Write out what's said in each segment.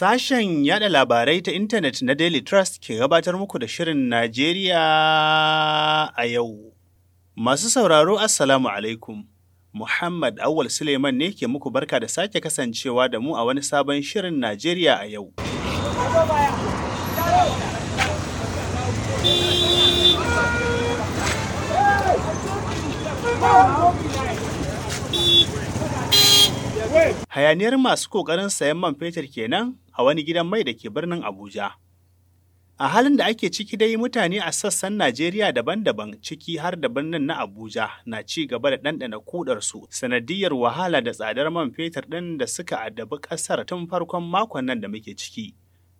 Sashen yada labarai ta intanet na Daily Trust ke gabatar muku da Shirin Najeriya a yau. Masu sauraro Assalamu alaikum. Muhammad Awal Suleiman ne ke muku barka da sake kasancewa da mu a wani sabon Shirin Najeriya a yau. Hayaniyar masu ƙoƙarin sayan man fetur kenan a wani gidan mai da ke birnin Abuja. A halin da ake ciki dai mutane a sassan Najeriya daban-daban ciki har da birnin na Abuja na ci gaba da ɗanɗana kudarsu sanadiyar wahala da tsadar man fetur ɗin da suka addabi ƙasar tun farkon makon nan da muke ciki.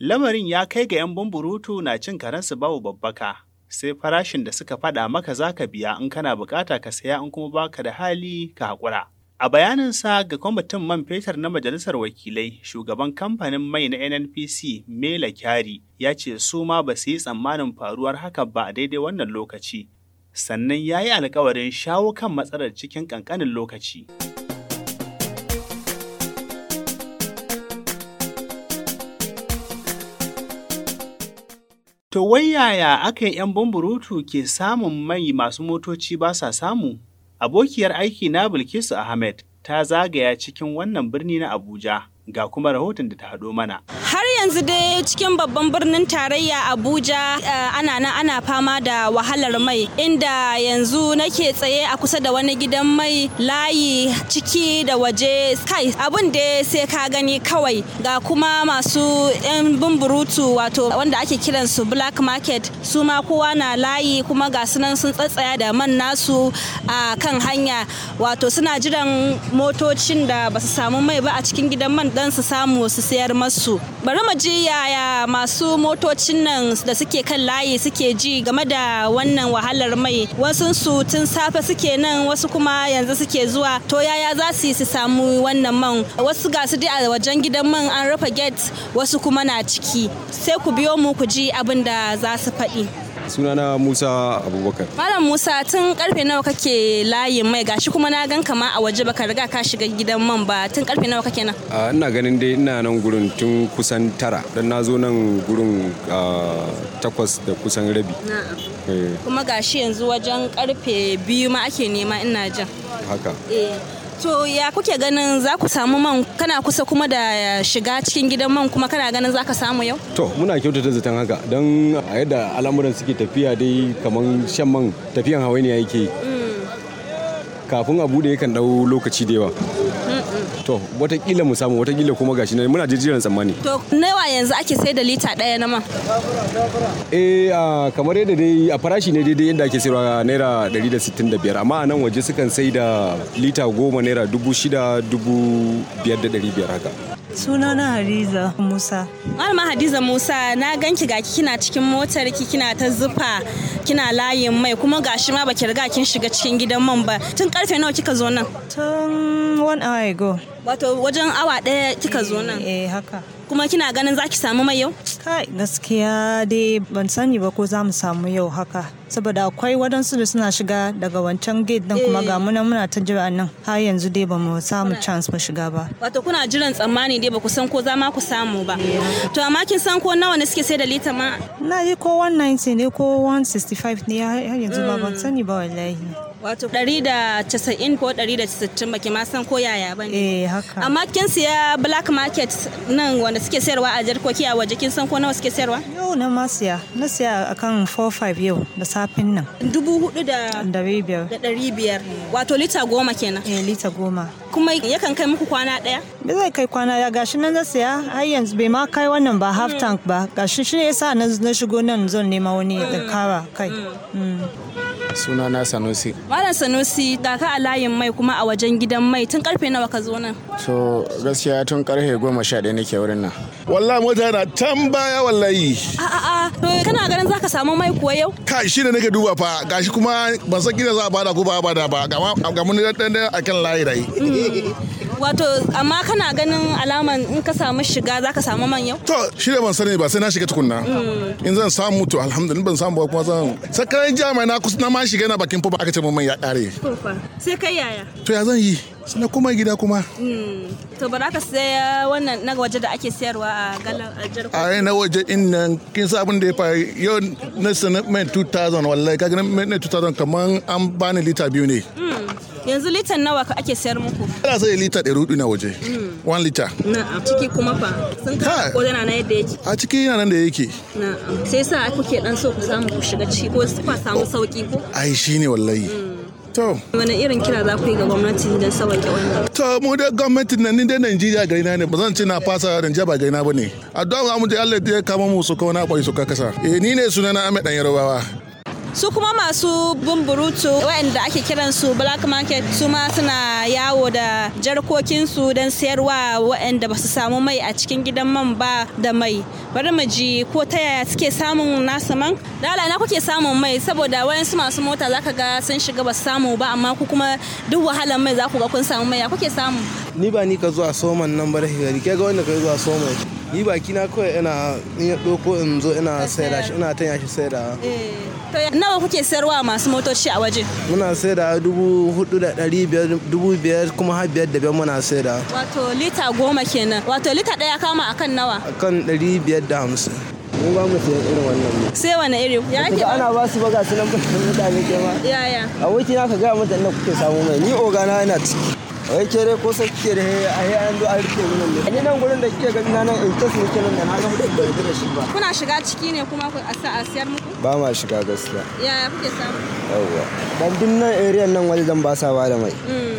Lamarin ya kai ga 'yan bumburutu na cin karensu babu babbaka. Sai farashin da suka faɗa maka zaka biya in kana bukata ka saya in kuma baka da hali ka haƙura. A bayanin sa ga Kwamitin Man Fetur na Majalisar Wakilai, shugaban kamfanin mai na NNPC Mela Kyari ya ce su ma ba su yi tsammanin faruwar haka ba a daidai wannan lokaci. Sannan ya yi alkawarin shawo kan matsalar cikin ƙanƙanin lokaci. To wai yaya aka yi 'yan bumburutu ke samun mai masu motoci ba sa samu? Abokiyar aikina Bilkisu Ahmed ta zagaya cikin wannan birni na Abuja, ga kuma rahoton da ta haɗo mana. Har yanzu dai cikin babban birnin tarayya Abuja eh, ana nan ana fama da wahalar mai inda yanzu nake tsaye a kusa da wani gidan mai layi ciki da waje sky abun da sai ka gani kawai ga kuma masu yan bumburutu wato wanda ake kiran su black market su ma kowa na layi kuma ga sunan sun tsatsaya da man nasu a kan hanya wato suna jiran motocin da ba su samu mai ba a cikin gidan man dan su samu su sayar masu bari mu ji yaya masu motocin nan da suke kan layi suke ji game da wannan wahalar mai wasu su tun safe suke nan wasu kuma yanzu suke zuwa to yaya za su yi su samu wannan man wasu ga su dai a wajen gidan man an rufe gate wasu kuma na ciki sai ku biyo mu ku ji abin da za su faɗi. sunana musa abubakar malam musa tun karfe nawa kake layin mai gashi kuma na gan kama a waje baka riga ka shiga gidan man ba tun karfe nawa kake nan ah, ina ganin dai ina nan gurin tun kusan tara dan nazo nan gurin ah, takwas da kusan rabi eh. kuma gashi yanzu wajen karfe biyu ma ake nema ina jan haka eh. To ya kuke ganin za ku samu man kana kusa kuma da shiga cikin gidan man kuma kana ganin za ka samu yau? To muna kyautata zaton haka don a yadda al'amuran suke tafiya dai kamar shan man tafiyan hawainiya yake mm. Kafin a bude yakan dau lokaci da yawa. to watakila mu samu watakila kuma gashi ne muna jiran tsammani to nawa yanzu ake sai da lita daya na man eh kamar yadda dai a farashi ne daidai yadda ake sayarwa naira 165 amma a nan waje sukan sai da lita goma naira dubu shida dubu biyar da dari biyar haka sunana hadiza musa malama hadiza musa na ganki ga kina cikin motar ki kina ta zufa kina layin mai kuma gashi ma baki riga kin shiga cikin gidan man ba tun karfe nawa kika zo nan tun one hour ago wato wajen awa daya kika zo nan eh, eh haka kuma kina ganin zaki samu mai yau Kai gaskiya dai ban sani ba ko za mu samu yau haka. Saboda akwai waɗansu da suna shiga daga wancan gate din kuma ga eh. muna muna ta jira nan har yanzu dai ba mu samu chance mu shiga ba. Wato kuna jiran tsammani dai ba ku san ko za ma ku samu ba. To amma kin san ko nawa ne suke sai da lita ma? Na yi ko 190 ne ko 165 ne har yanzu ba hmm. ban sani ba wallahi. wato 190 ko 160 baki ma san ko yaya ba ne eh, amma kin siya black market nan wanda suke sayarwa a koki a waje kin san ko nawa suke sayarwa yau na ma siya na siya akan 45 yau da safin nan dubu da 500 biyar da wato lita goma kenan eh lita goma kuma yakan kai muku kwana daya ba zai kai kwana ya gashi nan na siya har yanzu bai ma kai wannan ba half hmm. tank ba gashi shi ne yasa na shigo nan zan nema wani da hmm. kara kai hmm. suna na sanusi malam sanusi da ka a layin mai kuma a wajen gidan mai tun karfe nawa ka zo nan to gaskiya tun karfe goma sha nake wurin nan wallahi mota yana tan baya wallahi a'a to kana ganin zaka samu mai kuwa yau kai shi ne nake duba fa gashi kuma ban san gidan za a bada ko ba a bada ba ga mun dan a kan layi dai hmm. wato amma kana ganin alaman in ka samu shiga za ka samu man yau to shi da ban sani ba sai na shiga tukunna mm. in zan samu to alhamdulillah ban samu ba kuma zan sakarin jami'a na kusa na ma shiga na bakin fa ba aka ce mun man ya kare sai kai yaya to ya zan yi na kuma gida kuma hmm, to ba za ka saya wannan na waje da ake sayarwa a galan aljar a na waje in nan kin sa abin da ya fara yau na sana mai 2000 wallahi kaga na 2000 kamar an bani lita biyu ne hmm, yanzu litan nawa ka ake sayar muku ana sai lita ɗari na waje hmm. one na a ciki kuma fa sun ka ko yana nan yadda yake a ciki yana nan da yake na'am sai sa kuke dan so ku samu ku shiga ciki ko ku samu oh. sauki ko ai shine wallahi To. Wani irin kira za ku yi ga gwamnati don sauƙaƙe wannan? To mu da gwamnati na ni dai Najeriya gari na ne ba zan ce na fasa Najeriya ba gari na ba ne. Addu'a mu je Allah ya kama mu su kawo na kwari su kakasa. Eh ni ne sunana Ahmed Dan Yarubawa. su kuma masu bumburutu waɗanda ake kiransu black market su ma suna yawo da jarkokinsu don sayarwa waɗanda ba su samu mai a cikin gidan man ba da mai bari mu ji ko ta yaya suke samun nasu man dala na kuke samun mai saboda waɗansu masu mota zaka ga sun shiga ba su samu ba amma ku kuma duk wahalar mai za ku ga kun samu mai ya kuke samu Ni ba ni ka zuwa soman nan ba da gari, kai ga wanda ka zuwa soman ni Ni kina kawai ina in ya ɗauko in zo ina saida shi, ina tanya shi saidawa. Eh, to nawa kuke sayarwa masu motoci a waje? Muna saida dubu hudu da ɗari biyar, dubu biyar kuma har biyar da biyar muna saida. Wato lita goma kenan. Wato lita ɗaya kama akan nawa? Akan ɗari biyar da hamsin. mun ba mu sayan irin wannan ne sai wani iri ya ke ana ba su baga su nan mutane ke ma yaya a wuce na ka ga mutane kuke samu mai ni ogana yana ciki wai ke dai ko sai kike da ai an zo an rike mu nan ni nan gurin da kike gani nan in kes nake nan da na ga mutum bai da shi ba kuna shiga ciki ne kuma ku a siyar muku ba ma shiga gaskiya yaya kuke samu yawwa ban din nan area nan wajen ba sa ba da mai mm.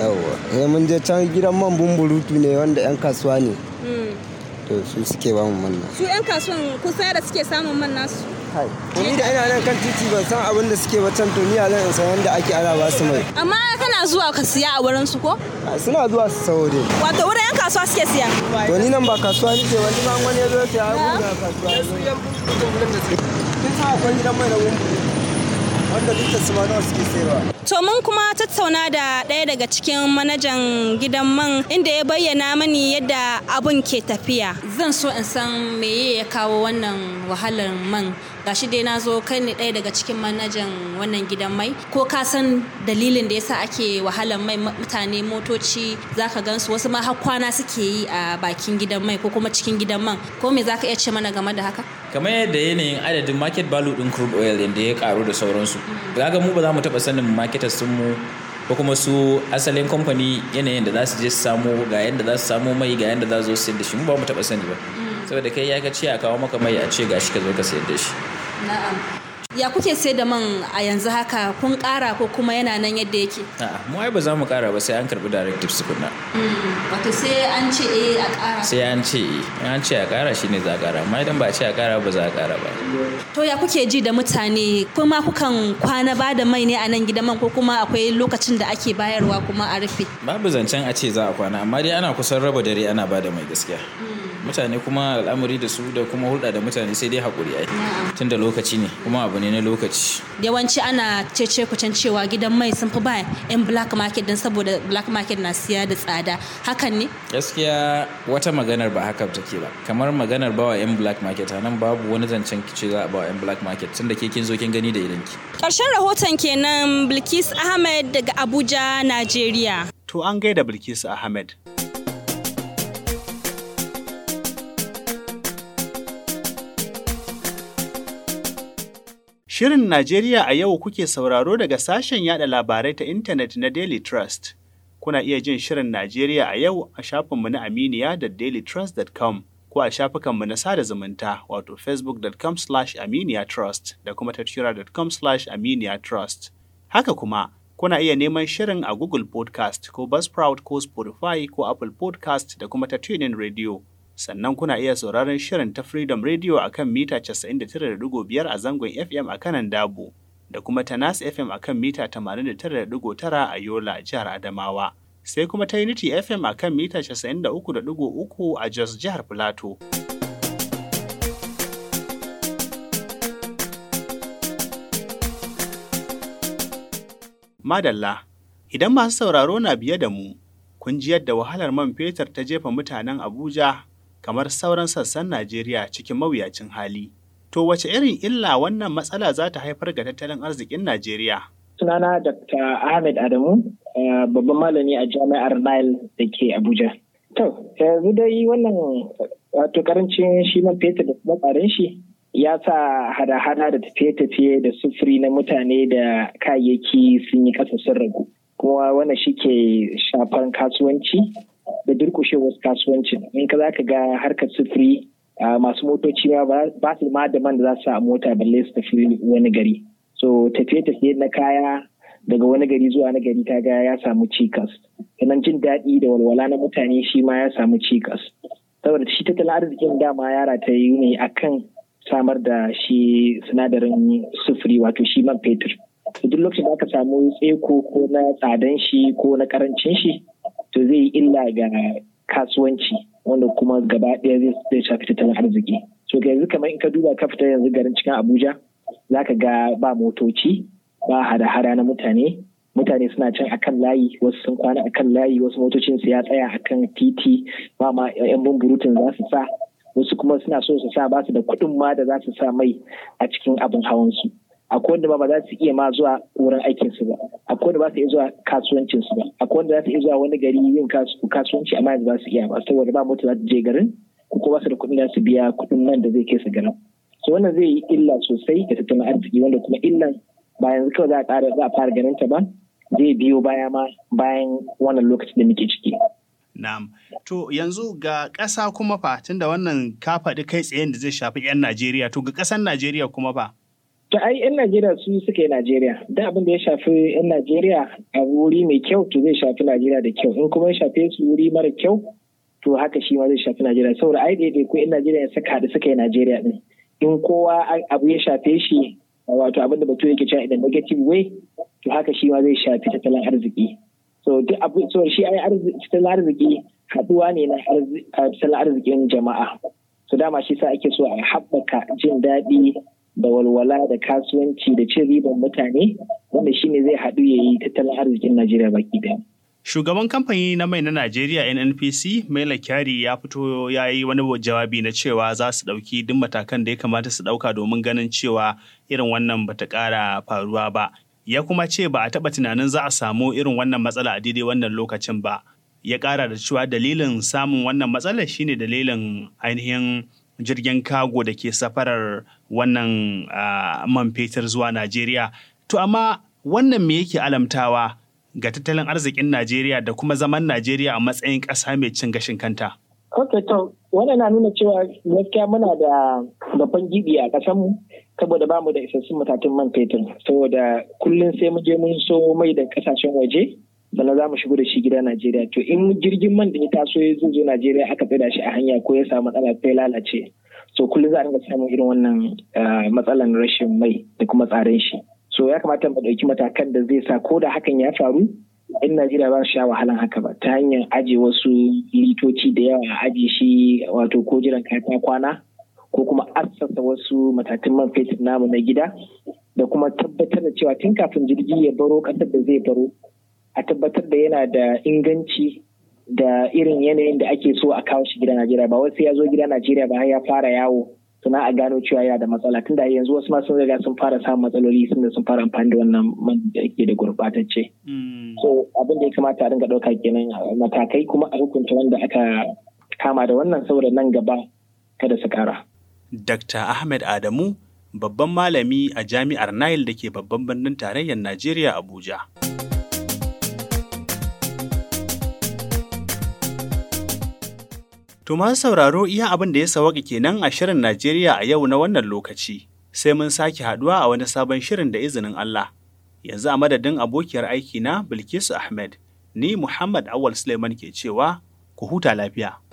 yawwa eh mun je can gidan man bumburutu ne wanda yan kasuwa ne mm. to su suke ba mu manna. su yan kasuwan kusa da suke samun man nasu kai ni da ina nan kan titi ban san abin da suke ba can to ni a nan in san yadda ake ana ba su mai amma kana zuwa ka siya a wurin su ko suna zuwa su sawo dai wato wurin yan kasuwa suke siya to ni nan ba kasuwa nake ba ni ma wani ya zo ta ya da kasuwa ne su yan kin akwai gidan mai da wanda dukkan su nawa suke sayarwa. To mun kuma tattauna da ɗaya daga cikin manajan gidan man inda ya bayyana mani yadda abun ke tafiya. Zan so in san meye ya kawo wannan wahalar man gashi dai na zo kai ne ɗaya daga cikin manajan wannan gidan mai ko ka san dalilin da yasa ake wahalan mai mutane motoci zaka gansu wasu ma har kwana suke yi a bakin gidan mai ko kuma cikin gidan man ko me zaka iya ce mana game da haka kamar yadda yanayin adadin market value din crude oil yadda ya karu da sauransu mm. ga mu ba za mu taba sanin marketers sun mu ko kuma su asalin kamfani yanayin da za su je su samu ga yadda za su samu mai ga yadda za su sayar da shi mu ba mu taba sani ba mm. saboda kai ya ka ce a kawo maka mai a ce gashi ka zo ka sayar da shi Na'am. Ya kuke sai da man a yanzu haka kun kara ko kuma yana nan yadda yake? A'a, mu ai ba za mu kara ba sai an karbi directives kuna mm, Wato sai an ce eh a kara. Sai an ce eh, an ce a kara shine za a kara, amma idan ba a ce a kara ba za a kara ba. To ya kuke ji da mutane kuma kukan kwana ba da mai ne a nan gidan man ko kuma akwai lokacin da ake bayarwa kuma a rufe? Babu zancen a ce za a kwana, amma dai ana kusan raba dare ana ba da mai gaskiya. Mm. mutane kuma al'amari da su da kuma hulɗa da mutane sai dai haƙuri ai tun da lokaci ne kuma abu ne na lokaci yawanci ana cece kucin cewa gidan mai sun fi ba yan black market din saboda black market na siya da tsada hakan ne gaskiya wata maganar ba haka take ba kamar maganar bawa yan black market nan babu wani zancen kice za a bawa yan black market Tunda ke kin zo kin gani da idanki Karshen rahoton kenan Bilkis Ahmed daga Abuja, Najeriya. To an gaida Bilkisu Ahmed. Shirin Najeriya a yau kuke sauraro daga sashen yada labarai ta intanet na Daily Trust. Kuna iya jin Shirin Najeriya a yau a shafinmu na Aminiya da dailytrust.com ko a shafukanmu na sada zumunta wato facebook.com slash aminiyatrust da kuma tattura.com slash trust Haka kuma, kuna iya neman shirin a Google Podcast ko Buzzsprout ko Spotify ko Apple Podcast da kuma ta TuneIn Radio. Sannan kuna iya sauraron shirin ta Freedom Radio a kan mita 99.5 a zangon FM a kanan Dabo, da kuma ta Nas FM a kan mita 89.9 a Yola, jihar Adamawa. Sai kuma ta Unity FM a kan mita 93.3 a Jos, jihar Filato. Madalla, idan masu sauraro na biye da mu, kun ji yadda wahalar man fetur ta jefa mutanen Abuja kamar sauran sassan Najeriya cikin mawuyacin hali. To wace irin illa wannan matsala za ta haifar ga tattalin arzikin Najeriya? Sunana Dr. Ahmed Adamu, eh, babban malami a jami'ar Nile da ke Abuja. To, yanzu dai wannan wato karancin shi man fetur da matsarin shi ya sa hada-hada da tafiye-tafiye da sufuri na mutane da kayayyaki sun yi kasa sun ragu. Kuma wannan shi ke shafan kasuwanci da durkushewar kasuwancin in ka za ka ga harkar sufuri masu motoci ba su ma da man da za su sa mota balle su tafi wani gari so tafiye-tafiye na kaya daga wani gari zuwa na gari ta ga ya samu cikas sannan jin daɗi da walwala na mutane shi ma ya samu cikas saboda shi tattalin arzikin dama yara ta yi ne akan samar da shi sinadarin sufuri wato shi man fetur duk lokacin da aka samu tseko ko na tsadan shi ko na karancin shi to zai yi illa ga kasuwanci wanda kuma gaba ɗaya zai shafi tattalin arziki so ka yanzu kamar in ka duba ka fita yanzu garin cikin abuja za ka ga ba motoci ba hada-hada na mutane mutane suna can akan layi wasu sun kwana akan layi wasu motocin su ya tsaya akan titi ba ma yan bumburutun za su sa wasu kuma suna so su sa ba su da kuɗin ma da za su sa mai a cikin abin hawan su akwai wanda ba za su iya ma zuwa wurin aikin su ba akwai wanda ba su iya zuwa kasuwancin su ba akwai wanda za su iya zuwa wani gari yin kasuwanci amma yanzu ba su iya ba saboda ba mota za su je garin ko kuma su da kuɗin da su biya kuɗin nan da zai kai su garin so wannan zai yi illa sosai da tattalin arziki wanda kuma illan ba yanzu kawai za a ƙara za a fara ganin ta ba zai biyo baya ma bayan wannan lokacin da muke ciki Na'am. To yanzu ga ƙasa kuma fa tunda wannan ka kai tsayen da zai shafi 'yan Najeriya to ga ƙasar Najeriya kuma ba? To ai 'yan Najeriya su suka yi Najeriya. Da abin da ya shafi 'yan Najeriya a wuri mai kyau to zai shafi Najeriya da kyau. In kuma ya shafe su wuri mara kyau to haka shi ma zai shafi Najeriya. Saboda ai daidai ko 'yan Najeriya ya saka da suka yi Najeriya ɗin. In kowa abu ya shafe shi wato abin da batu yake cewa idan negative way to haka shi ma zai shafi tattalin arziki. So duk abu so shi ai tattalin arziki haɗuwa ne na tattalin arzikin jama'a. So dama shi sa ake so a haɓaka jin daɗi da walwala da kasuwanci da cin ribar mutane wanda shi ne zai haɗu ya yi tattalin arzikin Najeriya baki ɗaya. Shugaban kamfani na mai na Najeriya NNPC Maila Kyari ya fito ya yi wani jawabi na cewa za su ɗauki duk matakan da ya kamata su ɗauka domin ganin cewa irin wannan bata ƙara faruwa ba. Ya kuma ce ba a taɓa tunanin za a samu irin wannan matsala a daidai wannan lokacin ba. Ya ƙara da cewa dalilin samun wannan matsalar shine dalilin ainihin jirgin kago da ke safarar wannan man fetur zuwa Najeriya. To amma wannan me yake alamtawa ga tattalin arzikin Najeriya da kuma zaman Najeriya a matsayin ƙasa mai cin gashin kanta? Ok, to, wannan na nuna cewa gaskiya muna da babban gibi a ƙasanmu saboda bamu da isassun matatun man fetur saboda kullum sai mu je mun so mai da ƙasashen waje Bana za mu shigo da shi gida Najeriya to in jirgin man da ya taso ya zo Najeriya aka tsada shi a hanya ko ya samu matsala sai lalace so kullum za a dinga samun irin wannan eh, matsalan rashin mai da kuma tsarin shi so ya kamata mu dauki matakan da zai sa ko da hakan ya faru in Najeriya ba su sha wahalan haka ba ta hanyar aje wasu litoci da yawa a aje shi wato ko jiran kata kwana ko kuma assasa wasu matatun man fetur namu na gida da kuma tabbatar da cewa tun kafin jirgi ya baro kasar da zai baro a tabbatar da yana da inganci da irin yanayin da ake so a kawo shi gida Najeriya ba wasu ya zo gida Najeriya ba har ya fara yawo na a gano cewa yana da matsala tunda yanzu wasu ma sun riga sun fara samun matsaloli sun da sun fara amfani da wannan man da yake da gurbatacce. Hmm. So abin da ya kamata a dinga ɗauka kenan matakai kuma a hukunta wanda aka kama da wannan saboda nan gaba kada su kara. Dr. Ahmed Adamu babban malami a jami'ar Nile da ke babban birnin tarayyar Najeriya Abuja. To masu sauraro iya abin da ya sawaka kenan a shirin Najeriya a yau na wannan lokaci. Sai mun sake haduwa a wani sabon shirin da izinin Allah. Yanzu a madadin abokiyar aiki na Bilkisu Ahmed, ni Muhammad Awal Suleiman ke cewa ku huta lafiya.